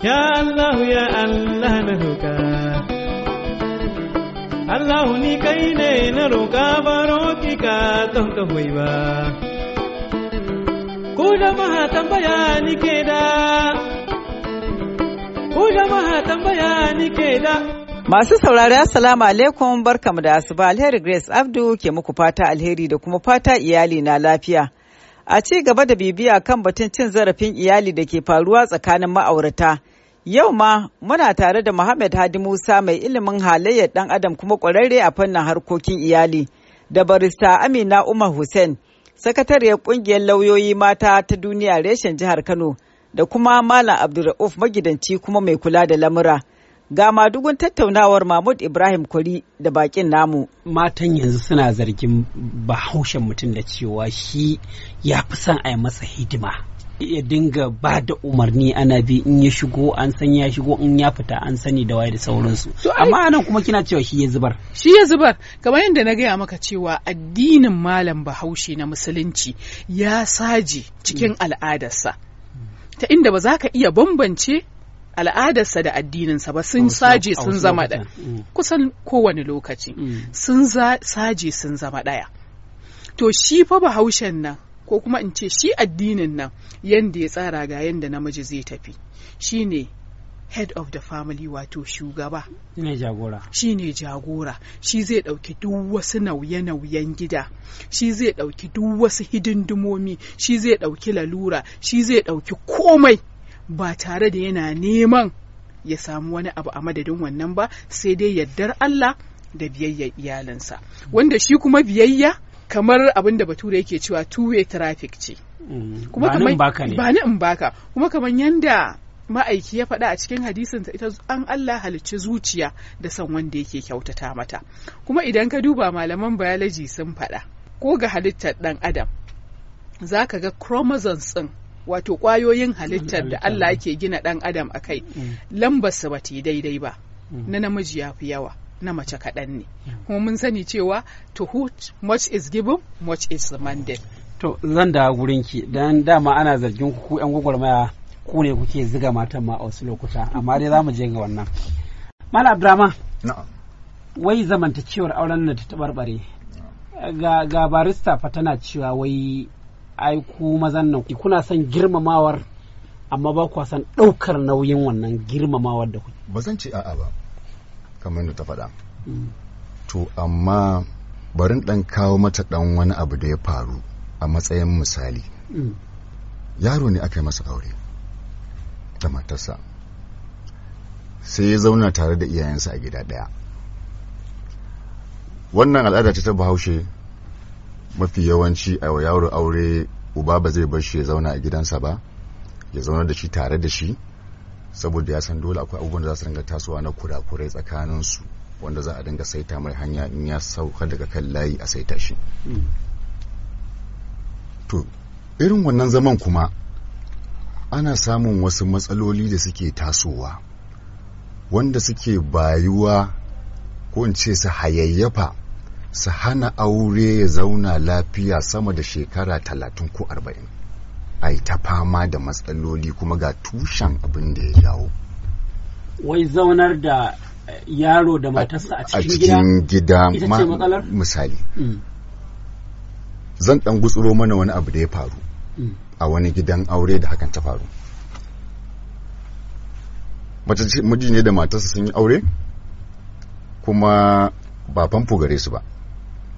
Ya Allah ya Allah na roƙa Allah ni kai ne na roƙa baro ki ka don ka hoyi ba Ku jama'a tambaya ni ke da Ku jama'a tambaya ni ke da Masu saurari assalamu alaikum barkamu da asuba alheri Grace Abdu ke muku fata alheri da kuma fata iyali na lafiya A ci gaba da bibiya kan batun cin zarafin iyali da ke faruwa tsakanin ma'aurata. Yau ma muna tare da Muhammad Hadi Musa mai ilimin halayyar ɗan adam kuma ƙwararre a fannin harkokin iyali da barista Amina Umar Hussein, sakatariyar ƙungiyar lauyoyi mata ta duniya reshen jihar Kano da kuma Malam Abdulrauf magidanci kuma mai kula da lamura. Ga madugun tattaunawar Mahmud Ibrahim Kuri da bakin namu. Matan yanzu suna zargin bahaushen mutum da cewa shi ya fi son a yi masa hidima. ya dinga ba da umarni ana bi in ya shigo an san ya shigo in ya fita an sani da waye da sauransu amma anan kuma kina cewa shi ya zubar shi ya zubar kamar yadda na gaya maka cewa addinin malam bahaushe na musulunci ya saje cikin mm. al'adarsa ta inda ba za ka iya bambance al'adarsa da addininsa ba sun saje sun zama ɗaya mm. kusan kowane lokaci mm. sun saje sun zama ɗaya to shi fa bahaushen nan ko kuma in ce shi addinin nan yadda ya tsara ga yadda namiji zai tafi shi ne head of the family wato shugaba ne jagora shi ne jagora shi zai ɗauki duk wasu nauye-nauyen gida shi zai ɗauki duk wasu hidindimomi shi zai ɗauki lalura shi zai ɗauki komai ba tare da yana neman ya samu wani abu a madadin wannan ba sai dai yardar Allah da biyayya iyalinsa wanda shi kuma biyayya kamar abin da bature yake cewa two-way traffic ce mm. kuma kamar ba ni in baka kuma kamar yanda ma'aiki ya faɗa a cikin hadisin ita an Allah halicci zuciya da san wanda yake kyautata mata kuma idan ka duba malaman biology sun faɗa ko ga halittar ɗan adam zaka ga chromosomes ɗin wato ƙwayoyin halittar da Allah yake gina ɗan adam a kai mm. lambar su bata daidai ba mm. na namiji ya fi yawa na mace kaɗan ne hmm. kuma mun sani cewa to who much is given much is demanded to zan da ki dan dama ana zargin ku yan gwagwarmaya ku ne kuke ziga matan ma a wasu lokuta amma dai zamu je ga wannan mala abdrama wai zamantakewar auren nan ta tabarbare ga barista fa tana cewa wai ai ku mazan nan kuna son girmamawar amma ba kwa san ɗaukar nauyin wannan girmamawar da ku. ba zan ce a'a ba kamar da ta faɗa mm. to amma barin ɗan kawo mata ɗan wani abu da ya faru a matsayin misali mm. yaro ne aka yi masa aure da matarsa sai ya zauna tare da iyayensa a gida ɗaya wannan al'ada ta bahaushe mafi yawanci a yaro aure uba ba zai bar shi ya zauna a gidansa ba ya zauna da shi tare da shi saboda ya san dole akwai abubuwan da za su dinga tasowa na kurakurai tsakanin su wanda za a dinga saita mai hanya in ya sauka daga kan layi a saita shi to irin wannan zaman kuma ana samun wasu matsaloli da suke tasowa wanda suke bayuwa ko in ce su hayayyafa su hana aure ya zauna lafiya sama da shekara talatin ko arba'in a ta fama da matsaloli kuma ga tushen abin da ya jawo wai zaunar da eh, yaro da matarsa a cikin gida ita ce matsalar misali hmm. zan dan gutsuro mana wani abu da ya faru hmm. a wani gidan aure da hakan ta faru miji ne da matarsa sun yi aure kuma ba famfo gare su ba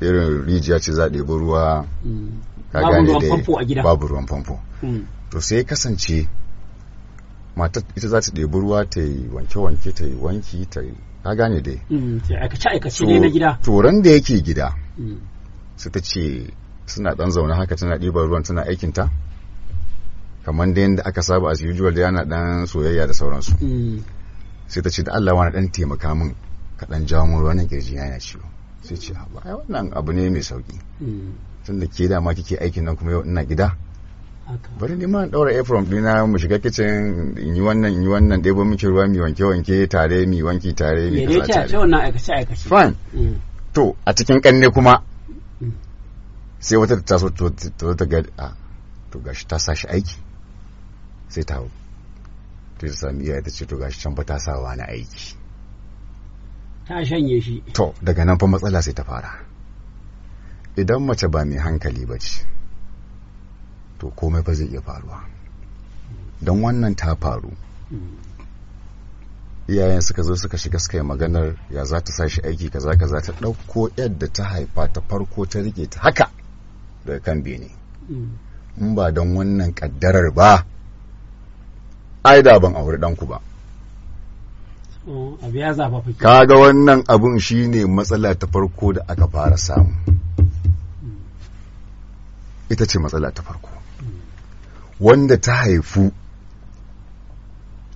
irin rijiya ce za ɗebi ruwa hmm. ka gane da babu ruwan famfo hmm. to sai kasance mata ita za ta ɗebi ruwa ta yi wanke-wanke ta yi wanki ta yi ka gane dai hmm, turan da yake gida hmm. su ta ce suna ɗan zaune haka tana ɗiba ruwan tana aikinta kamar da yadda aka saba as usual da yana ɗan soyayya da sauransu sai ta ce da Allah wani ɗan taimaka min ka ɗan jawo ruwan kirji yana ciwo sai ce wannan abu ne mai sauki Tunda da ke dama kike aikin nan kuma yau ina gida bari ne ma daura apron dina mu shiga kitchen in yi wannan in yi wannan ɗebo miki ruwa mi wanke wanke tare mi wanki tare mi kaza tare ce wannan aikace aikace fine mm. to a cikin kanne kuma mm. sai wata ta so ta ta ga a to gashi ta sashi aiki sai ta to ta sami iyaye ta ce to gashi can ba ta sawa na aiki ta shanye shi to daga nan fa matsala sai ta fara idan mace ba mai hankali ba ce to komai ba zai iya faruwa don wannan ta faru iyayen suka zo suka shiga suka yi maganar ya za ta sa shi aiki kaza kaza ta ɗauko yadda ta haifa ta farko ta rike ta haka daga kan bene in ba don wannan kaddarar ba ai da ban auri ɗanku ba oh, kaga wannan abun shine matsala ta farko da aka fara samu ita ce matsala ta farko wanda ta haifu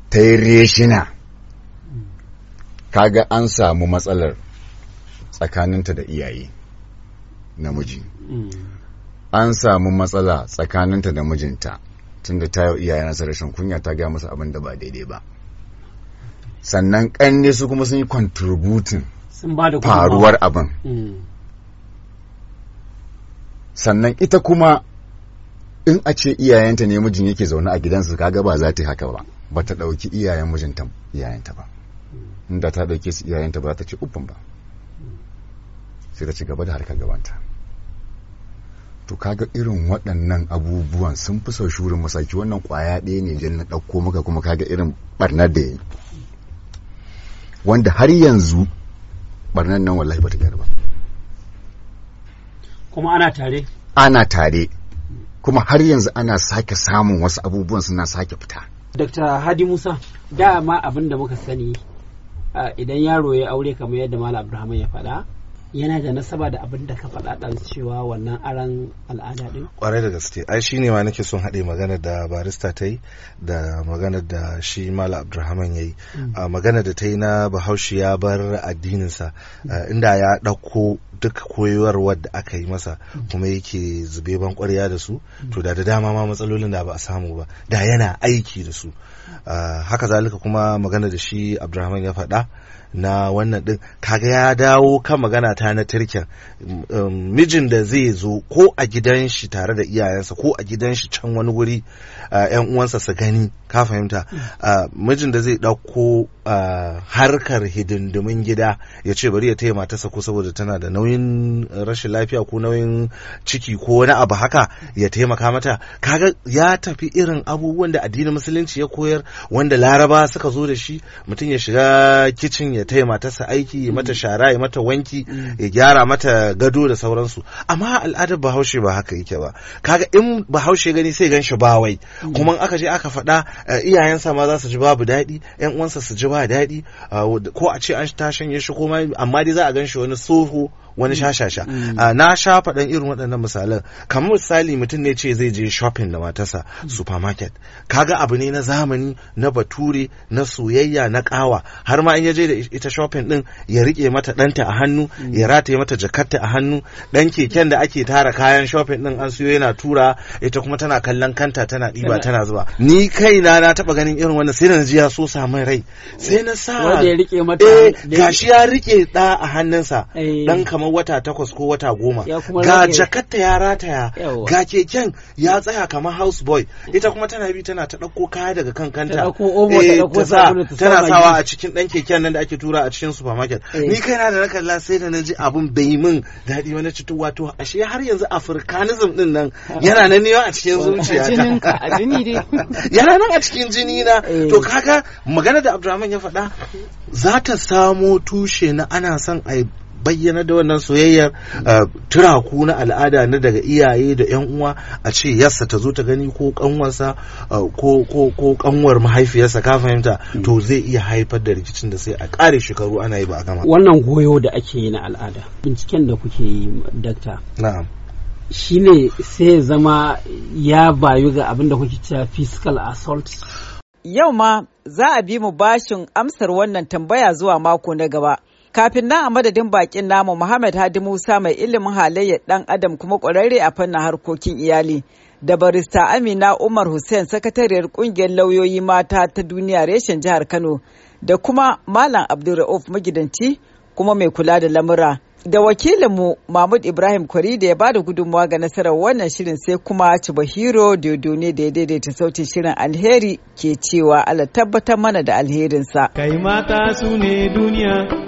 ta yi reshina kaga an samu matsalar tsakaninta da iyaye namiji an samu matsala tsakaninta da mijinta tunda ta yi iyayen rashin kunya ta gaya masa abin da ba daidai ba sannan ƙanne su kuma sun yi contributing faruwar abin mm. sannan ita kuma in a ce iyayenta ne mijin yake zaune a gidansu kaga ba za ta haka ba ba ta ɗauki iyayen mijinta iyayenta ba inda ta ɗauke su iyayenta ba za ta ci uffin ba sai ta ci gaba da harkar gabanta to kaga irin waɗannan abubuwan sun fi sau shurin masaki wannan ƙwaya ɗaya ne idan na ɗauko maka kuma kaga irin ɓarnar da ya yi wanda har yanzu ɓarnar nan wallahi ba ta gyara ba kuma ana tare ana tare kuma har yanzu ana sake samun wasu abubuwan suna sake fita Dr. Hadi Musa dama abin da muka sani idan yaro ya aure kamar yadda Malam Abraham ya faɗa yana da nasaba da abin da ka faɗa ɗan cewa wannan aran al'ada ɗin? Ƙwarai da gaske, ai shi ne ma nake son haɗe magana da barista ta yi da magana da shi Mala Abdulrahman ya yi. Mm. magana da ta yi na Bahaushe ya bar addininsa inda ya ɗauko duka koyarwar da aka yi masa kuma yake zube ban kwarya da su to da da dama ma matsalolin da ba a samu ba da yana aiki da su ah, haka zalika kuma magana da shi abdulrahman ya faɗa na wannan din kaga ya dawo kan magana ta na tirken um, mijin da zai zo ko a gidan shi tare da iyayensa ko a gidan shi can wani wuri yan ah, uwansa su gani ka fahimta mm. mijin da zai ɗauko harkar hidindimin gida ya ce bari ya taya matarsa ko saboda tana da nauyin rashin lafiya ko nauyin ciki ko wani abu haka ya taimaka mata kaga ya tafi irin abubuwan da addinin musulunci ya koyar wanda laraba suka zo da shi mutum ya shiga kicin ya taya matarsa aiki ya mata mm. shara ya mata wanki mm. ya gyara mata gado da sauransu amma al'adar bahaushe ba haka yake ba kaga in bahaushe gani sai gan shi bawai kuma aka je aka faɗa iyayensa ma za su ji babu daɗi yan uwansa su ji ba daɗi ko a ce an ta shanye shi ko amma dai za a gan shi wani soho wani mm. shashasha mm. Ah, na sha faɗan irin waɗannan misalan kamar misali mutum ne ce zai je shopping da matasa mm. supermarket kaga abu ne na zamani na bature na soyayya na kawa har ma in ya je da ita shopping din ya rike mata ɗanta a hannu ya rataye mata jakarta a hannu dan keken da ake tara kayan shopping din an siyo yana tura ita kuma tana kallon kanta tana ɗiba tana zuba ni kaina na taɓa ganin irin wannan sai na ji ya so samun rai sai na sa wanda ya rike mata eh, gashi ya rike ɗa a hannunsa eh. ɗan kamar kamar wata takwas ko wata goma ga jakarta ya rataya ga keken ya tsaya kamar house boy ita kuma tana bi tana ta ɗauko kaya daga kan kanta tana sawa a cikin ɗan keken nan da ake tura a cikin supermarket eh. ni kaina da na kalla sai da na ji abun bai min daɗi wani ci wato ashe har yanzu africanism din nan yana nan ne a cikin zuciya ta. yana nan a cikin jini na eh. to kaga magana da abdurrahman ya faɗa za ta samo tushe na ana son a bayyana da wannan soyayyar turaku na al'ada na daga iyaye da 'yan uwa a ce yassa ta zo ta gani ko kanwarsa ko kanwar mahaifiyarsa ka fahimta mm. to zai iya haifar da rikicin da sai a kare shekaru ana yi ba a gama wannan goyo da ake yi na al'ada binciken da kuke yi dakta na'am shine sai zama ya bayu ga abin da kuke cewa fiscal assault yau ma za a bi mu bashin amsar wannan tambaya zuwa mako na gaba Kafin nan a madadin bakin namu Muhammad Hadi Musa mai ilimin halayyar dan Adam kuma kwararre a fannin harkokin iyali. Da barista Amina Umar Hussein sakatariyar kungiyar lauyoyi mata ta duniya reshen jihar Kano da kuma Malam Abdulrauf magidanci kuma mai kula da lamura. Da wakilinmu Mahmud Ibrahim Kwari da ya ba da gudunmawa ga nasarar wannan shirin sai kuma Cibahiro ne da ya daidaita sautin shirin alheri ke cewa ala tabbatar mana da alherinsa. Kai mata su ne duniya